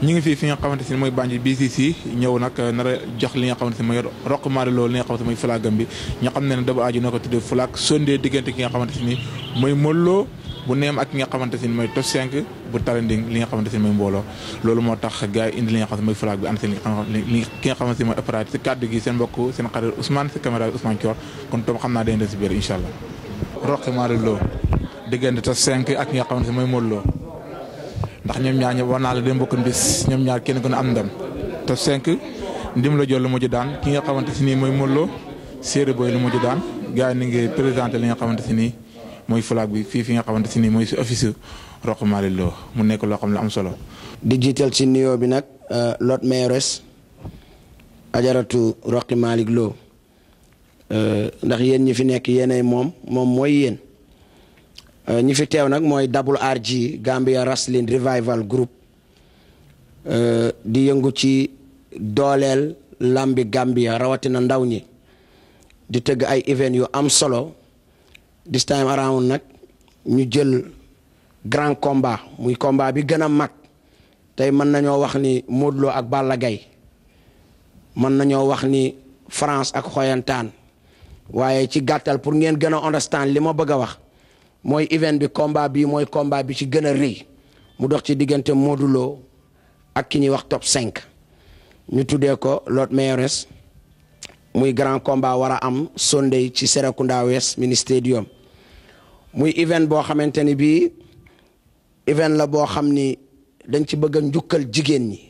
ñu ngi fii fi nga xamante si mooy Banjul BCC ñëw nag nar nga xamante si mooy roq maari loolu li nga xamante si mooy flagam bi ñu na ko tuddee nga xamante si ni mooy mëlloo bu neem ak ki nga xamante si mooy top 5 bu taranding li nga xamante si ni mbooloo loolu moo tax gars yi li nga xamante si mooy flag bi ànd seen li ki nga xamante si mooy opérateur si kàddu gi seen mbokk seen xarit Ousmane si caméra bi Ousmane kon toom xam naa dañ des si biir incha allah roq maari loo diggante top ak nga xamante si mooy mëlloo ndax ñoom ñaar ñëpp war naa la dem bokkan bis ñoom ñaar kenn gën a am ndam te cinq ndim la jot lu mujj daan ki nga xamante si nii mooy Modou Lo séeréer booy lu mujj daan gars yi ni ngi présenté li nga xamante si nii mooy flag bi fii fi nga xamante si nii mooy si office Roq Malick Lo mu nekk loo xam ne am solo. di jiital si nuyoo bi nag euh, Lot Mayores ajaratu Roq Malick Lo euh, ndax yéen ñi fi nekk yéenay moom moom mooy yéen. Euh, ñi fi teew nag mooy WRG Gambia Wrestling Revival Group euh, di yëngu ci dooleel lambi Gambia rawatina ndaw ñi di tëgg ay event yu am solo this time around nag ñu jël grand combat muy combat bi gën a mag tey mën nañoo wax ni Modou ak ballagay Gaye mën nañoo wax ni France ak xoyantaan waaye ci gattal pour ngeen gën a understand li ma bëgg wax mooy event bi combat bi mooy combat bi ci gëna a rëy mu dox ci diggante Modou ak ki ñuy wax top 5 ñu tuddee ko Lord Mayores muy grand combat war a am Sunday ci Serekunda West mini stadium muy event boo xamante ni bii event la boo xam ni dañ ci bëgg a njukkal jigéen ñi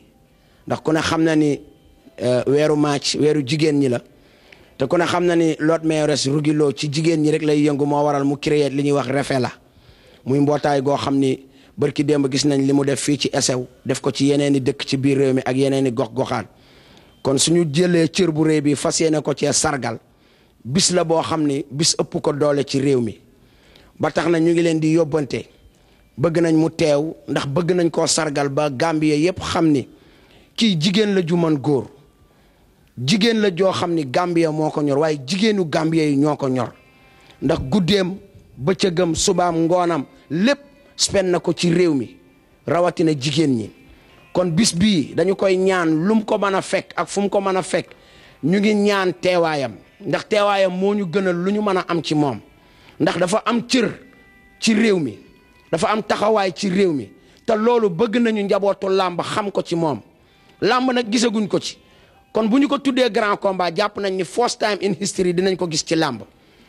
ndax ku ne xam na ni euh, weeru match weeru jigéen ñi la. te ku ne xam na ni Lord Mayores Rugi Lo ci jigéen ñi rek lay yëngu moo waral mu créer li ñuy wax la muy mbootaay goo xam ni barki démb gis nañ li mu def fii ci Essew def ko ci yeneen i dëkk ci biir réew mi ak yeneeni gox-goxaan kon suñu jëlee cër bu réew bi fas yéene ko cee sargal bis la boo xam ni bis ëpp ko doole ci réew mi ba tax na ñu ngi leen di yóbbante bëgg nañ mu teew ndax bëgg nañ koo sargal ba Gambie yëpp xam ni kii jigéen la ju góor jigéen la joo xam ni Gambia moo ko ñor waaye jigéenu Gambia yi ñoo ko ñor ndax guddeem bëccëgam subaam ngoonam lépp spend na ko ci réew mi rawatina jigéen ñi kon bis bii dañu koy ñaan lum ko mën a fekk ak fu mu ko mën a fekk ñu ngi ñaan teewaayam ndax teewaayam moo ñu gënal lu ñu mën a am ci moom ndax dafa am cër ci réew mi dafa am taxawaay ci réew mi te loolu bëgg nañu njabootu làmb xam ko ci moom làmb nag gisaguñ ko ci kon bu ñu ko tuddee grand combat jàpp nañ ni first time in history dinañ ko gis ci làmb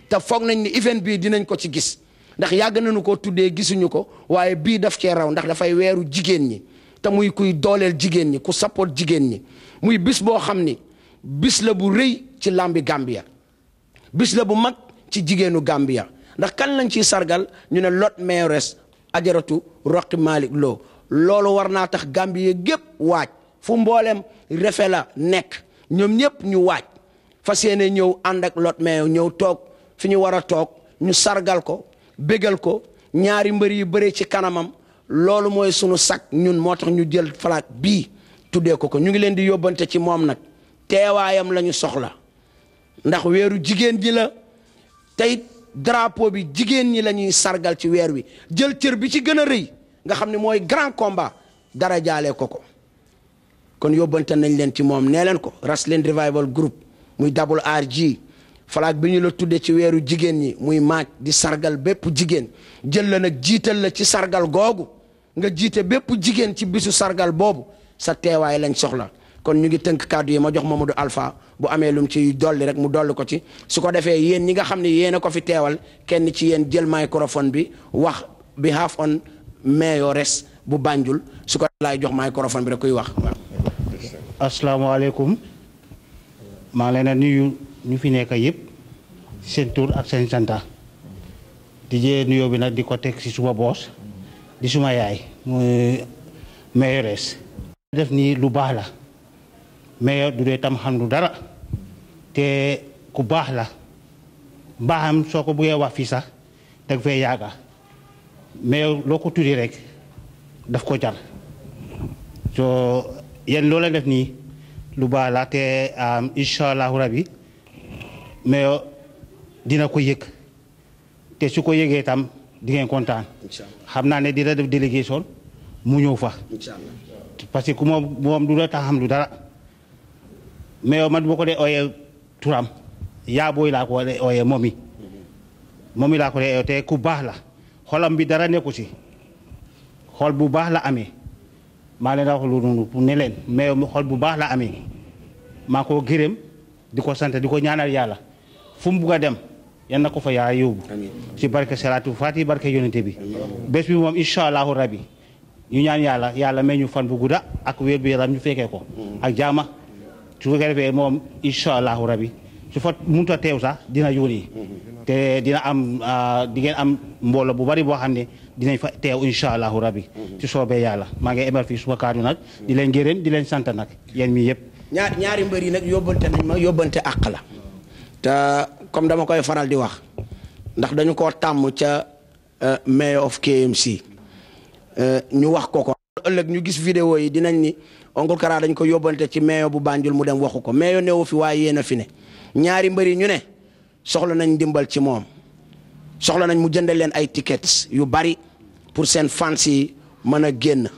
te foog nañ ni event bii dinañ ko ci gis ndax yàgg nañu ko tuddee gisuñu ko waaye bii daf cee raw ndax dafay weeru jigéen ñi te muy kuy dooleel jigéen ñi ku support jigéen ñi muy bis boo xam ni bis la bu rëy ci làmbi Gambia bis la bu mag ci jigéenu Gambia ndax kan lañ ciy sargal ñu ne lot mayoress ajaratu Roqi Malick Lo loolu war naa tax Gambie gépp waaj fu mboolem refe la nekk ñoom ñëpp ñu waaj fas yéene ñëw ànd ak lot mais ñëw toog fi ñu war a toog ñu sargal ko bégal ko ñaari mbër yu bëree ci kanamam loolu mooy sunu sac ñun moo tax ñu jël flag bii tuddee ko ko ñu ngi leen di yóbbante ci moom nag teewaayam la ñu soxla ndax weeru jigéen ñi la tey drapeau bi jigéen ñi la ñuy sargal ci weer wi jël cër bi ci gën a rëy nga xam ni mooy grand combat dara jaalee ko ko. kon yóbbante nañ leen ci moom nee leen ko Wrestling Revival Group muy Double RG flag bi ñu la tuddee ci weeru jigéen ñi muy maaj di sargal bépp jigéen jël la nag jiital la ci sargal googu nga jiite bépp jigéen ci bisu sargal boobu sa teewaay lañ soxla kon ñu ngi tënk kàddu yi ma jox mu du Alpha bu amee lum ci dolli rek mu dolli ko ci su ko defee yéen ñi nga xam ne yéen a ko fi teewal kenn ci yéen jël microphone bi wax behalf on mayoress bu Banjul su ko laay jox microphone bi rek kuy wax asalaamaaleykum maa ngi leen di nuyu ñu fi nekk yëpp seen tur ak seen santa di jëlee nuyoo bi nag di ko teg ci suma boos di suma yaay muy mayoress def nii lu baax la mayor du dee tam xam lu dara te ku baax la mbaaxam soo ko buggee wax fii sax dag fee yaaga mais loo ko tuddi rek daf ko jar so yéen loo leen def nii lu baax la te incha allahu rabi mais dina ko yëg te su ko yëgee tam di kontaan. xam naa ne dina def délégation mu ñëw fa. parce que moom moom du la tax xam lu dara mais man boo ko dee ooyee turam yaa booy laa ko dee ooyee moom yi moom yi laa ko dee ooyee te ku baax la xolam bi dara nekku si xool bu baax la amee. maa leen wax lu noonu ne leen mais mu xol bu baax la amee maa koo gërëm di ko sant di ko ñaanal yàlla fu mu bugg a dem yan na ko fa yaa yóbbu ci barke salaatu faati barke yonente bi bés bi moom incha allahu rabi ñu ñaan yàlla yàlla may ñu fan bu gudda ak wér bi yaram ñu fekkee ko ak jaama su fekkee defee moom incha allahu rabi su fa mënut a teew sax dina yónni te dina am ah, di ngeen am mbooloo bu bari boo xam ne dinañ fa teew incha allahu rabi ci soobee yàlla maa ngi emal fii suma kaddu nag di leen gërëm di leen sant nag yéen mi yëpp ñaar ñaari mbër yi nag yóbbante nañ ma yóbbante àq la te comme dama koy faral di wax ndax dañu ko tàmm ca euh, mayor of KMC euh, ñu wax ko ko ëllëg ñu gis vidéo yi dinañ ni Oncle Kara dañ ko yóbbante ci mayor bu Banjul mu dem waxu ko mayor neewu fi waaye yéen a fi ne ñaari mbëri ñu ne soxla nañ ndimbal ci moom soxla nañ mu jëndal leen ay tickets yu bari pour seen fans yi mën a génn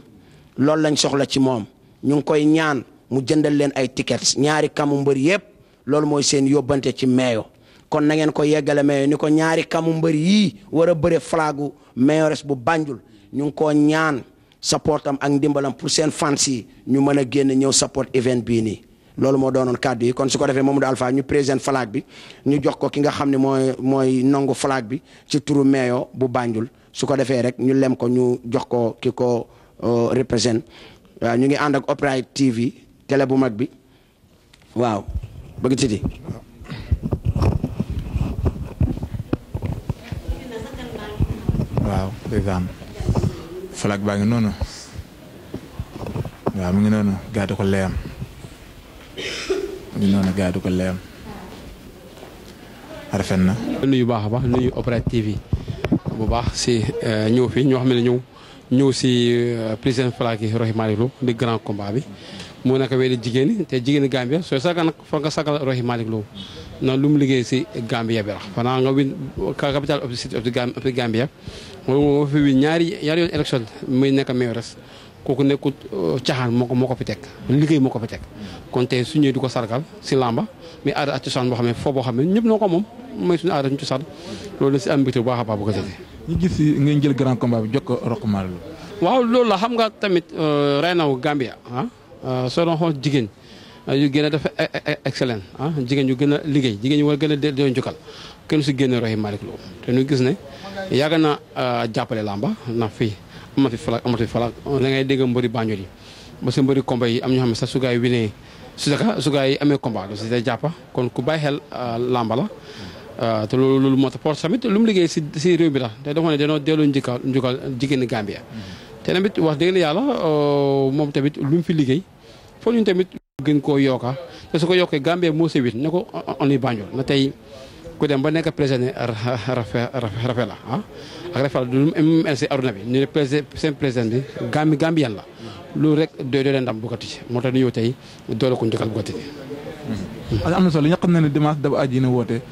loolu lañ soxla ci moom ñu ngi koy ñaan mu jëndal leen ay tickets ñaari kamu mbër yëpp loolu mooy seen yóbbante ci meeyo kon na ngeen ko yeggale meeyo ni ko ñaari kamu mbër yii war a bëre flagu meeyores bu Banjul ñu ngi koo ñaan support ak ndimbalam pour seen fans yi ñu mën a génn ñëw support event bii nii. loolu moo doonoon kàddu yi kon su ko defee Mamadou Alpha ñu président flag bi ñu jox ko ki nga xam ne mooy mooy nangu flag bi ci turu meeyoo bu Banjul su ko defee rek ñu lem ko ñu jox ko ki ko euh, représente waaw ñu ngi ànd ak Opera TV télé bu mag bi waaw bëgg titi waaw président ngi noonu waaw mu ngi noonu gàddu ko leeyam li noonu gars du ko leem rafet na. nuyu baax a baax nuyu opérative yi bu baax si euh, ñëw fi ñoo xam ne ñëw ñëw si euh, président flag yi Rohey Malick Lo di grand combat bi mu nekk wéy jigéen te jigéen Gambia soo sagal nag foog nga sagal Rohey noonu lu mu liggéey si Gambia bi la xanaa nga win capital of the city of the Gambia fi win ñaari ñaari yoon élection muy nekk mayoress kooku nekkul euh, caaxaan moo ko moo ko fi teg liggéey moo ko fi teg kon tey su ñëwee di ko sargal si làmba mais aada ak cosaan boo xam ne foo boo xam ne ñëpp ko moom mooy suñu aada suñu cosaan loolu la si am ko jëlee. ñu gis ngeen jël grand combat bi jox ko Rock Marlo. waaw loolu la xam nga tamit euh, reynaw Gambia ah euh, soo doon xool jigéen yu gën a def e, e, e, excellent ah jigéen yu gën a liggéey jigéen yu war gën a delloo njukkal kenn su génne roxi Malick Lo te ñu gis ne yàgg naa jàppale làmba na fii amati falaak amati falaak da ngay dégg mbëri Banjul yi ba si mbëri combat am ñoo xam ne sax su gaa yi winee su daka yi amee combat da si day jàppa kon ku bàyyi xel euh, làmba la euh, te loolu loolu moo tax porte tamit lu liggéey si si réew bi la te dafa ne danoo delloo njëkkal njukkal jigéen Gambia te tamit wax dëgg yàlla euh, moom tamit lu mu fi liggéey fo ñun tamit gën koo yokka te su ko yokkee Gambia moo si wit ne ko on na tey ku dem ba nekk prisonnier rafe rafe la ah ak rafe la du mu mel si aduna bi ñu ne président seen président bi gambi gambien la loolu rek doy doy ndam Bouga Titi moo tax ñu ñëw tey doole ko njëkkal Bouga Titi. Mm-hmm. am na solo ñoo xam ne ne Aji na woote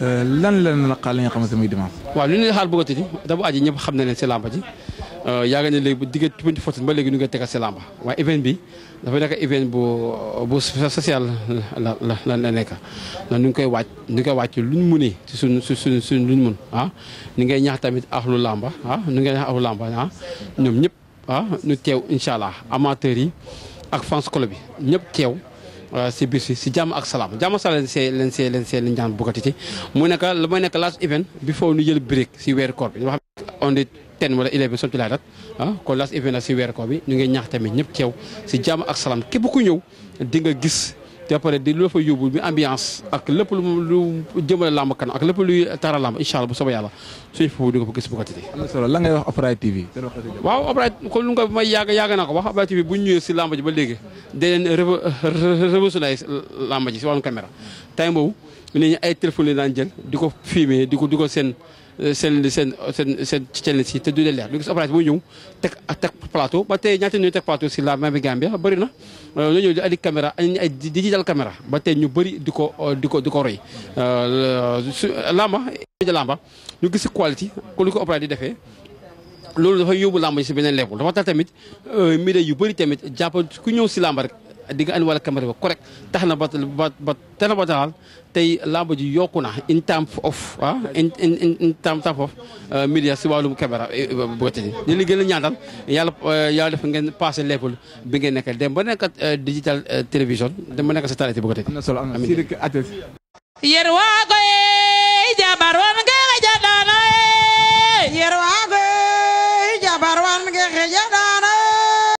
euh, lan la leen xaar li nga xamante muy dimanche. waaw li ñu leen xaar Bouga Titi Aji ñëpp xam na si làmba ji. Euh, yaakaar ne léegi bu diggante 2014 ba léegi ñu ngi tegal si làmba waaye event bi dafa nekk event bu bu social la la la la nekk ñu ngi koy wàcc ñu koy wàcc lu ñu mënee si suñ su suñ suñ lu ñu mën ah ngay ñaax tamit axlu làmba ah ñu ngay ñaax làmba ah ñoom ñëpp ah ñu teew incha allah amateurs yi ak fans bi ñëpp teew euh, si biir si si ak salaam jàmm ak salaam see leen see leen see leen ñaan bukkati ci mu nekk la may nekk last event bi foofu ñu jël break si weer koor bi on dit ten wala élève bi sontu laatat ah kon laas événement si weer ko bi ñu ngi ñaax tamit ñëpp teew si jàmm ak salaam képp ku ñëw di nga gis te pare di lu fa yóbbu bi ambiance ak lépp lu a jëmale làmb kanam ak lépp luy tara làmb incha allah bu soobee yàlla suñu foofu di nga fa gis bu ko a am na solo lan ngay wax nga may yàgg yàgg ko wax Opera TV ji ba léegi day leen révolutionniser làmb ji si wàllum caméra. time boobu nit ñi ay téléphone lañ daan jël di ko filmer di ko seen. Euh, seen seen seen seen challenge si te du dee leer lu gis opération bu ñëw teg teg plateau ba tey ñaata ñuy teg plateau si la même Gambia na lu euh, ñëw di andi caméra andi ba tey ñu bëri di ko di ko di ko roy euh, lamba lamba ñu gis quality ko ko opération di defee loolu dafa yóbbu lamba si beneen level dafa tax tamit média yu bëri tamit jàpp ku ñëw si lamba rek di nga annual camera ba correct tax ba ba ba taxal tey làmb ji yokku na in term of ah in in in euh, si wàllum caméra euh, bu tëddee. ñu ngi gën a ñaanal yàlla euh, yàlla def ngeen passé level bi ngeen nekk dem ba nekkat digital télévision dem ba nekk sa télé bu ko tëddee. am na solo na solo